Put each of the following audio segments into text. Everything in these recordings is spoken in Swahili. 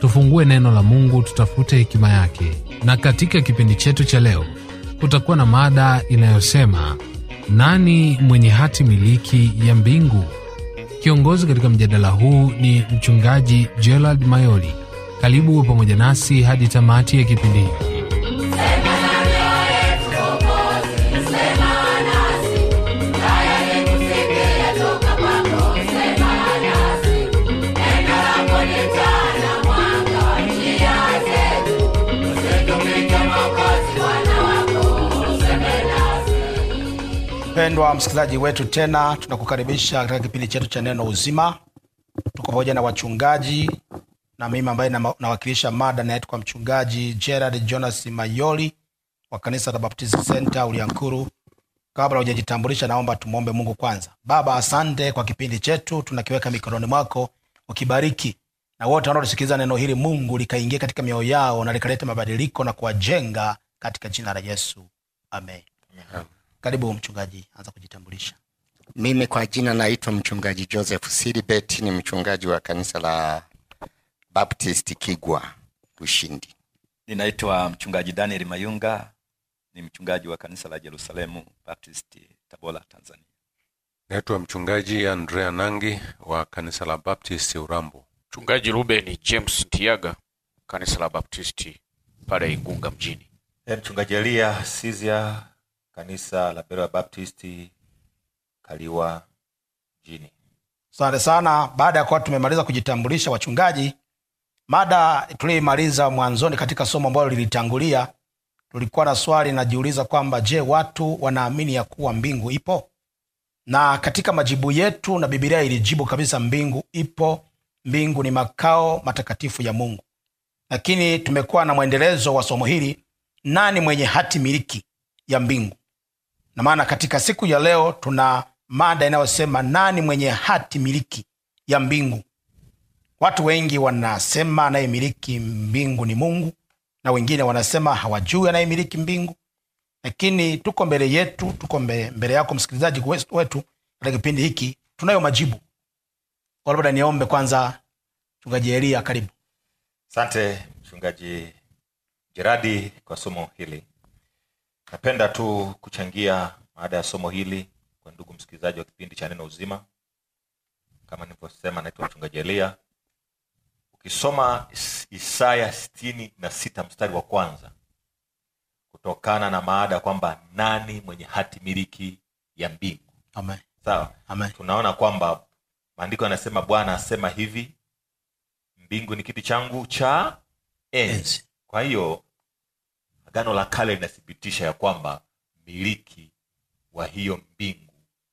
tufungue neno la Mungu, tutafute hekima yake. Na katika kipindi chetu cha leo kutakuwa na mada inayosema nani mwenye hati miliki ya mbingu? Kiongozi katika mjadala huu ni mchungaji Gerald Mayoli. Karibu pamoja nasi hadi tamati ya kipindi hiki. Mpendwa msikilizaji wetu, tena tunakukaribisha katika kipindi chetu cha neno uzima. Tuko pamoja na wachungaji na mimi ambaye nawakilisha na mada nayetu kwa mchungaji Gerard Jonas Mayoli wa kanisa la Baptist Center Uliankuru. Kabla hujajitambulisha, naomba tumwombe Mungu kwanza. Baba, asante kwa kipindi chetu, tunakiweka mikononi mwako, ukibariki na wote wanaosikiliza neno hili, Mungu likaingia katika mioyo yao na likaleta mabadiliko na kuwajenga katika jina la Yesu, amen, amen. Karibu mchungaji, anza kujitambulisha. Mimi kwa jina naitwa mchungaji Joseph Silibet, ni mchungaji wa kanisa la Baptist Kigwa Ushindi. Ninaitwa mchungaji Daniel Mayunga, ni mchungaji wa kanisa la Jerusalemu Baptist Tabora, Tanzania. Naitwa mchungaji Andrea Nangi wa kanisa la Baptist Urambo. Mchungaji Ruben James Ntiaga, kanisa la Baptist pale Igunga mjini. Eh, mchungaji Elia Sizia kanisa la ya Baptisti Kaliwa jini sante sana. Baada ya kuwa tumemaliza kujitambulisha wachungaji, mada tuliyoimaliza mwanzoni katika somo ambalo lilitangulia, tulikuwa na swali najiuliza kwamba je, watu wanaamini ya kuwa mbingu ipo? Na katika majibu yetu na Bibilia ilijibu kabisa, mbingu ipo, mbingu ni makao matakatifu ya Mungu. Lakini tumekuwa na mwendelezo wa somo hili, nani mwenye hati miliki ya mbingu? na maana katika siku ya leo tuna mada inayosema nani mwenye hati miliki ya mbingu. Watu wengi wanasema anayemiliki mbingu ni Mungu, na wengine wanasema hawajui anayemiliki mbingu, lakini tuko mbele yetu, tuko mbele yako msikilizaji wetu katika kipindi hiki, tunayo majibu. Kwa labda niombe kwanza, mchungaji Elia, karibu. Asante mchungaji Jeradi kwa somo hili Napenda tu kuchangia maada ya somo hili kwa ndugu msikilizaji wa kipindi cha Neno Uzima. Kama nilivyosema, naitwa Mchungaji Elia. Ukisoma Isaya sitini na sita mstari wa kwanza kutokana na maada kwamba nani mwenye hati miliki ya mbingu, amen, sawa, amen, tunaona kwamba maandiko yanasema, Bwana asema hivi, mbingu ni kiti changu cha enzi. Kwa hiyo Agano la Kale linathibitisha ya kwamba miliki wa hiyo mbingu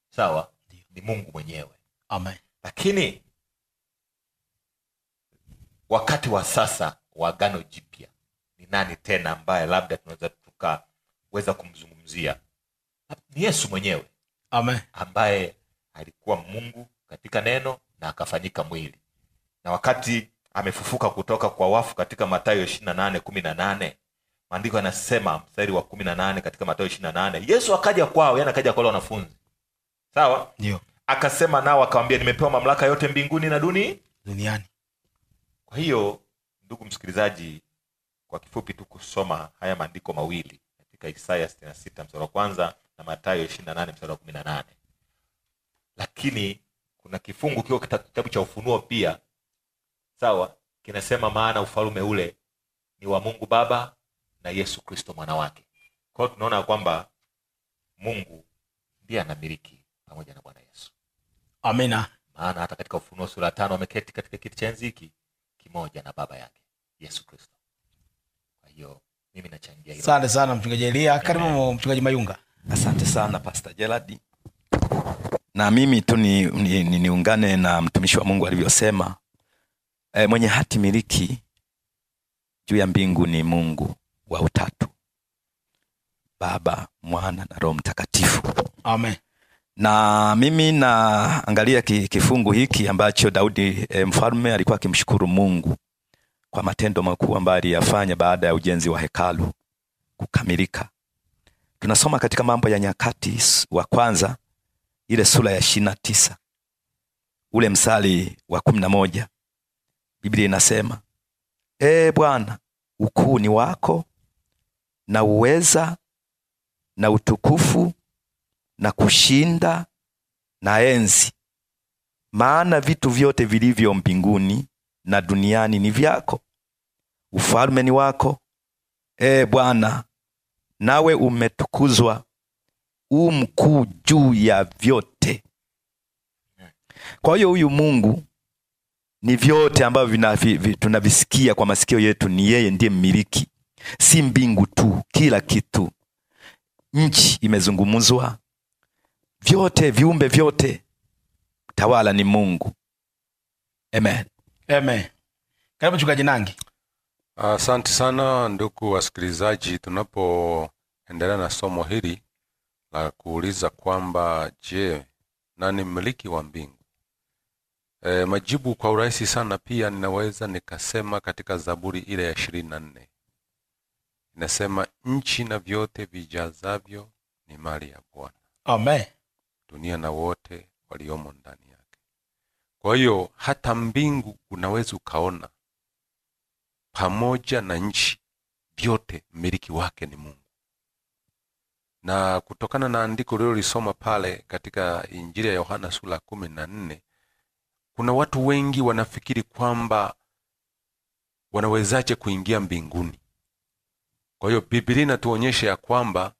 sawa ni Mungu mwenyewe. Amen. Lakini wakati wa sasa wa Agano Jipya ni nani tena ambaye labda tunaweza tukaweza kumzungumzia? Ni Yesu mwenyewe. Amen. ambaye alikuwa Mungu katika neno na akafanyika mwili, na wakati amefufuka kutoka kwa wafu katika Mathayo ishirini na nane kumi na nane Maandiko yanasema mstari wa kumi na nane katika Mathayo ishiri na nane Yesu akaja kwao, yani akaja kwale wanafunzi, sawa, ndio akasema nao akawambia, nimepewa mamlaka yote mbinguni na duni duniani. Kwa hiyo ndugu msikilizaji, kwa kifupi tu kusoma haya maandiko mawili katika Isaya sitini na sita mstari wa kwanza na matayo ishiri na nane mstari wa kumi na nane lakini kuna kifungu kiko kitabu cha Ufunuo pia sawa, kinasema maana ufalume ule ni wa Mungu Baba na Yesu Kristo mwana wake. Kwa hiyo tunaona kwamba Mungu ndiye anamiliki pamoja na Bwana Yesu. Amina. Maana hata katika Ufunuo sura tano ameketi katika kiti cha enzi hiki kimoja na baba yake Yesu Kristo. Kwa hiyo mimi nachangia hilo. Asante sana mchungaji Elia. Karibu mchungaji Mayunga. Asante sana Pastor Gerald. Na mimi tu niungane ni, ni na mtumishi wa Mungu alivyosema. E, mwenye hati miliki juu ya mbingu ni Mungu wa utatu, Baba, Mwana na Roho Mtakatifu. Amen. Na mimi naangalia kifungu hiki ambacho Daudi e, mfalme alikuwa akimshukuru Mungu kwa matendo makuu ambayo aliyafanya baada ya ujenzi wa hekalu kukamilika. Tunasoma katika Mambo ya Nyakati wa kwanza ile sura ya ishirina tisa ule msali wa kumi na moja Biblia inasema, Ee Bwana, ukuu ni wako na uweza na utukufu na kushinda na enzi, maana vitu vyote vilivyo mbinguni na duniani ni vyako. Ufalme ni wako, e Bwana, nawe umetukuzwa u mkuu juu ya vyote. Kwa hiyo huyu Mungu ni vyote ambavyo tunavisikia kwa masikio yetu, ni yeye ndiye mmiliki si mbingu tu, kila kitu. Nchi imezungumzwa, vyote viumbe vyote, tawala ni Mungu. Amen, amen. Karibu Mchungaji Nangi. Asante uh, sana ndugu wasikilizaji, tunapoendelea na somo hili la kuuliza kwamba je, nani mmiliki wa mbingu? E, majibu kwa urahisi sana pia ninaweza nikasema katika Zaburi ile ya ishirini na nne Inasema nchi na vyote vijazavyo ni mali ya Bwana. Amen. Dunia na wote waliomo ndani yake. Kwa hiyo hata mbingu unaweza ukaona pamoja na nchi, vyote mmiliki wake ni Mungu. Na kutokana na andiko lilolisoma pale katika Injili ya Yohana sura kumi na nne, kuna watu wengi wanafikiri kwamba wanawezaje kuingia mbinguni kwa hiyo bibilia inatuonyesha ya kwamba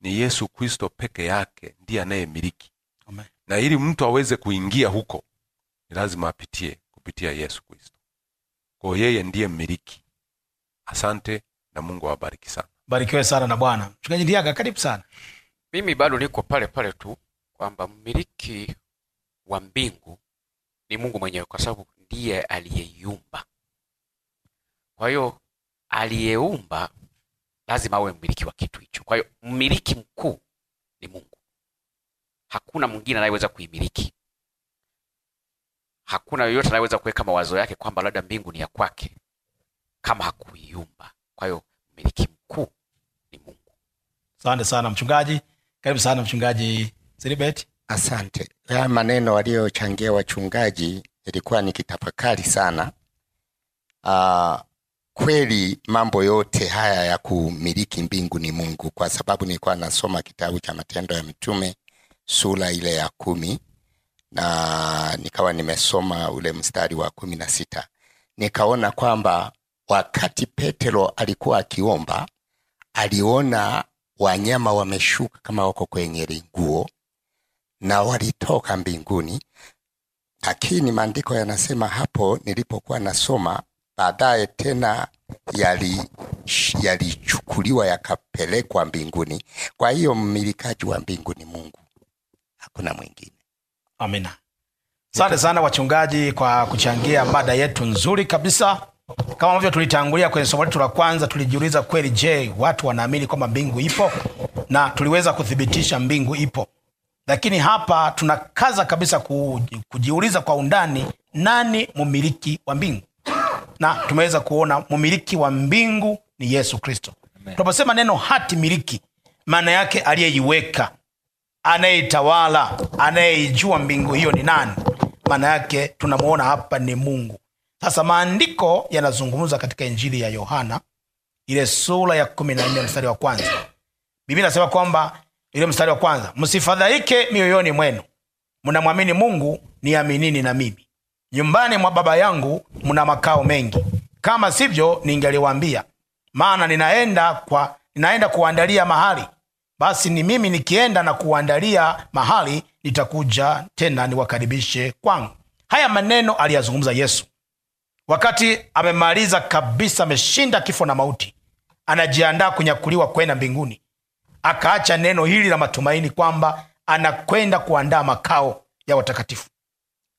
ni Yesu Kristo peke yake ndiye anayemiliki, na ili mtu aweze kuingia huko ni lazima apitie kupitia Yesu Kristo. Kwa yeye ndiye mmiliki. Asante na Mungu awabariki sana. Barikiwe sana na Bwana. Mchungaji karibu sana. Mimi bado niko pale pale tu kwamba mmiliki wa mbingu ni Mungu mwenyewe, kwa sababu ndiye aliyeiumba. Kwa hiyo aliyeumba lazima awe mmiliki wa kitu hicho. Kwa hiyo mmiliki mkuu ni Mungu, hakuna mwingine anayeweza kuimiliki. Hakuna yoyote anayeweza kuweka mawazo yake kwamba labda mbingu ni ya kwake kama hakuiumba. Kwa hiyo mmiliki mkuu ni Mungu. Asante sana mchungaji, karibu sana mchungaji Silibet. Asante. Haya maneno waliochangia wachungaji, ni nikitafakari sana. uh, kweli mambo yote haya ya kumiliki mbingu ni Mungu, kwa sababu nilikuwa nasoma kitabu cha Matendo ya Mitume sura ile ya kumi na nikawa nimesoma ule mstari wa kumi na sita nikaona kwamba wakati Petero alikuwa akiomba aliona wanyama wameshuka kama wako kwenye nguo na walitoka mbinguni, lakini maandiko yanasema hapo nilipokuwa nasoma baadaye tena yalichukuliwa yakapelekwa mbinguni. Kwa hiyo mmilikaji wa mbingu ni Mungu, hakuna mwingine. Amina. Asante sana wachungaji kwa kuchangia mada yetu nzuri kabisa. Kama ambavyo tulitangulia kwenye somo letu la kwanza, tulijiuliza kweli, je, watu wanaamini kwamba mbingu ipo? Na tuliweza kuthibitisha mbingu ipo, lakini hapa tunakaza kabisa kujiuliza kwa undani, nani mumiliki wa mbingu? na tumeweza kuona mumiliki wa mbingu ni Yesu Kristo. Tunaposema neno hati miliki, maana yake aliyeiweka, anayeitawala, anayeijua mbingu hiyo ni nani? Maana yake tunamwona hapa ni Mungu. Sasa maandiko yanazungumza katika Injili ya Yohana ile sura ya kumi na nne mstari wa kwanza bibi nasema kwamba ile mstari wa kwanza, msifadhaike mioyoni mwenu, mnamwamini Mungu, niaminini na mimi nyumbani mwa Baba yangu mna makao mengi, kama sivyo ningeliwambia Maana ninaenda kwa ninaenda kuandalia mahali. Basi ni mimi nikienda na kuandalia mahali, nitakuja tena niwakaribishe kwangu. Haya maneno aliyazungumza Yesu wakati amemaliza kabisa, ameshinda kifo na mauti, anajiandaa kunyakuliwa kwenda mbinguni. Akaacha neno hili la matumaini kwamba anakwenda kuandaa makao ya watakatifu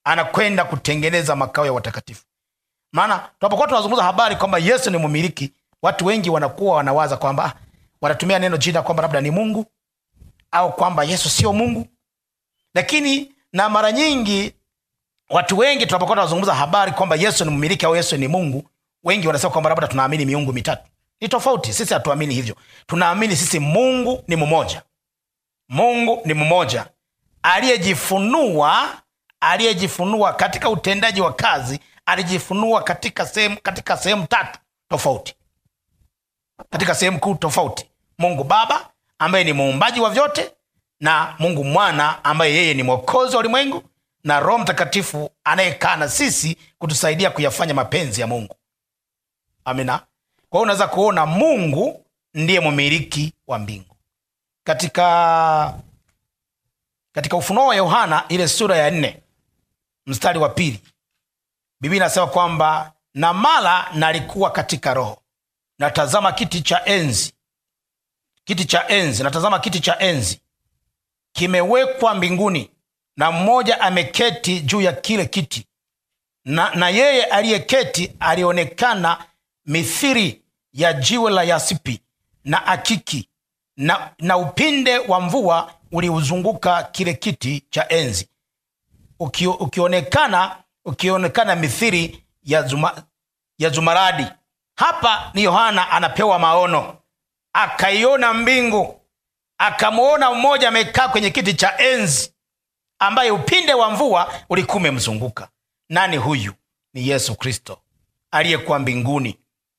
anakwenda kutengeneza makao ya watakatifu. Maana tunapokuwa tunazungumza habari kwamba Yesu ni mmiliki, watu wengi wanakuwa wanawaza kwamba ah, wanatumia neno jina kwamba labda ni Mungu au kwamba Yesu sio Mungu. Lakini na mara nyingi watu wengi tunapokuwa tunazungumza habari kwamba Yesu ni mmiliki au Yesu ni Mungu, wengi wanasema kwamba labda tunaamini miungu mitatu. Ni tofauti. Sisi hatuamini hivyo, tunaamini sisi Mungu ni mmoja. Mungu ni mmoja aliyejifunua aliyejifunua katika utendaji wa kazi alijifunua katika sehemu katika sehemu tatu tofauti katika sehemu kuu tofauti mungu baba ambaye ni muumbaji wa vyote na mungu mwana ambaye yeye ni mwokozi wa ulimwengu na roho mtakatifu anayekaa na sisi kutusaidia kuyafanya mapenzi ya mungu amina kwa hiyo unaweza kuona mungu ndiye mumiliki wa mbingu katika katika ufunuo wa yohana ile sura ya nne mstari wa pili biblia inasema kwamba na mala nalikuwa katika roho natazama kiti cha enzi kiti cha enzi natazama kiti cha enzi kimewekwa mbinguni na mmoja ameketi juu ya kile kiti na, na yeye aliyeketi alionekana mithiri ya jiwe la yasipi na akiki na, na upinde wa mvua uliuzunguka kile kiti cha enzi ukio, ukionekana ukionekana mithiri ya, zuma, ya zumaradi. Hapa ni Yohana anapewa maono, akaiona mbingu, akamwona mmoja amekaa kwenye kiti cha enzi, ambaye upinde wa mvua ulikuwa umemzunguka. Nani huyu? Ni Yesu Kristo aliyekuwa mbinguni.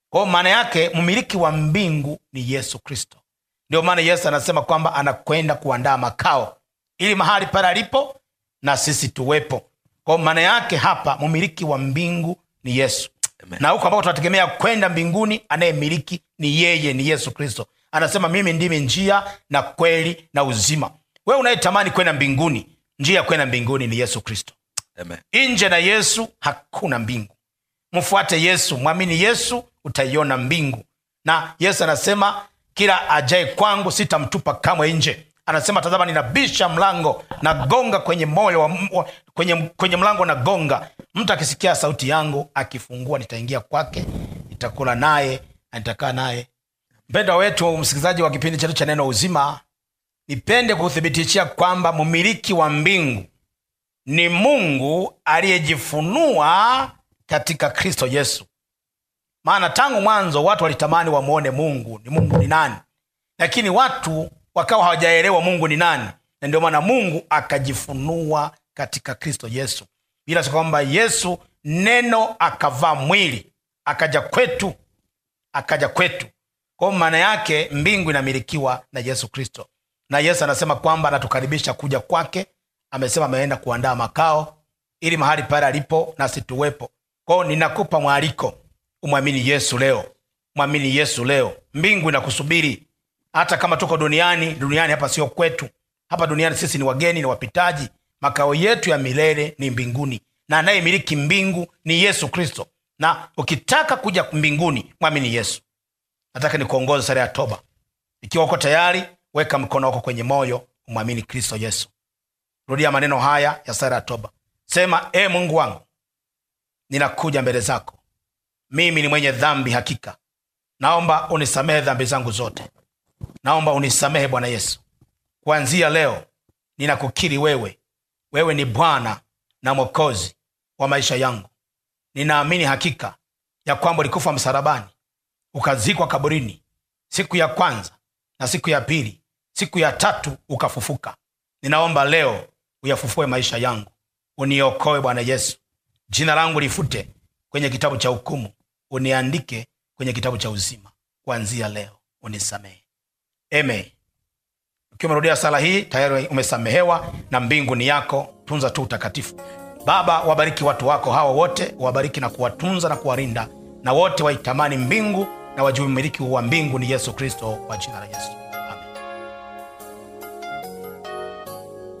Kwa maana yake mmiliki wa mbingu ni Yesu Kristo. Ndio maana Yesu anasema kwamba anakwenda kuandaa makao, ili mahali pale alipo na sisi tuwepo. Kwa maana yake hapa mumiliki wa mbingu ni Yesu Amen. na huko ambao tunategemea kwenda mbinguni, anayemiliki ni yeye, ni Yesu Kristo. Anasema mimi ndimi njia na kweli na uzima. Wewe unayetamani kwenda mbinguni, njia ya kwenda mbinguni ni Yesu Kristo. Nje na Yesu hakuna mbingu. Mfuate Yesu, mwamini Yesu, utaiona mbingu. Na Yesu anasema kila ajae kwangu sitamtupa kamwe nje anasema tazama, ninabisha mlango na gonga kwenye moyo wa, wa, kwenye, kwenye mlango na gonga. Mtu akisikia sauti yangu akifungua, nitaingia kwake, nitakula naye, nitakaa naye. Mpendwa wetu msikilizaji wa kipindi chetu cha Neno Uzima, nipende kuthibitishia kwamba mumiliki wa mbingu ni Mungu aliyejifunua katika Kristo Yesu. Maana tangu mwanzo watu walitamani wamwone Mungu. Ni Mungu ni nani? Lakini watu wakawa hawajaelewa mungu ni nani na ndio maana mungu akajifunua katika kristo yesu bila kwamba yesu neno akavaa mwili akaja kwetu akaja kwetu kwao maana yake mbingu inamilikiwa na yesu kristo na yesu anasema kwamba anatukaribisha kuja kwake amesema ameenda kuandaa makao ili mahali pale alipo nasi tuwepo kwao ninakupa mwaliko umwamini yesu leo mwamini yesu leo mbingu inakusubiri hata kama tuko duniani, duniani hapa sio kwetu. Hapa duniani sisi ni wageni, ni wapitaji. Makao yetu ya milele ni mbinguni, na anayemiliki mbingu ni Yesu Kristo. Na ukitaka kuja mbinguni, mwamini Yesu. Nataka nikuongoze sare ya toba. Ikiwa uko tayari, weka mkono wako kwenye moyo, umwamini Kristo Yesu. Rudia maneno haya ya sare ya toba, sema: E Mungu wangu, ninakuja mbele zako, mimi ni mwenye dhambi, hakika naomba unisamehe dhambi zangu zote naomba unisamehe Bwana Yesu. Kuanzia leo ninakukiri wewe, wewe ni Bwana na Mwokozi wa maisha yangu. Ninaamini hakika ya kwamba ulikufa msalabani, ukazikwa kaburini, siku ya kwanza na siku ya pili, siku ya tatu ukafufuka. Ninaomba leo uyafufue maisha yangu, uniokoe Bwana Yesu. Jina langu lifute kwenye kitabu cha hukumu, uniandike kwenye kitabu cha uzima. Kuanzia leo unisamehe. Amen. Ukiwa umerudia sala hii tayari umesamehewa na mbingu ni yako. Tunza tu utakatifu. Baba, wabariki watu wako hawa wote, wabariki na kuwatunza na kuwarinda, na wote waitamani mbingu na wajue mmiliki wa mbingu ni Yesu Kristo, kwa jina la Yesu.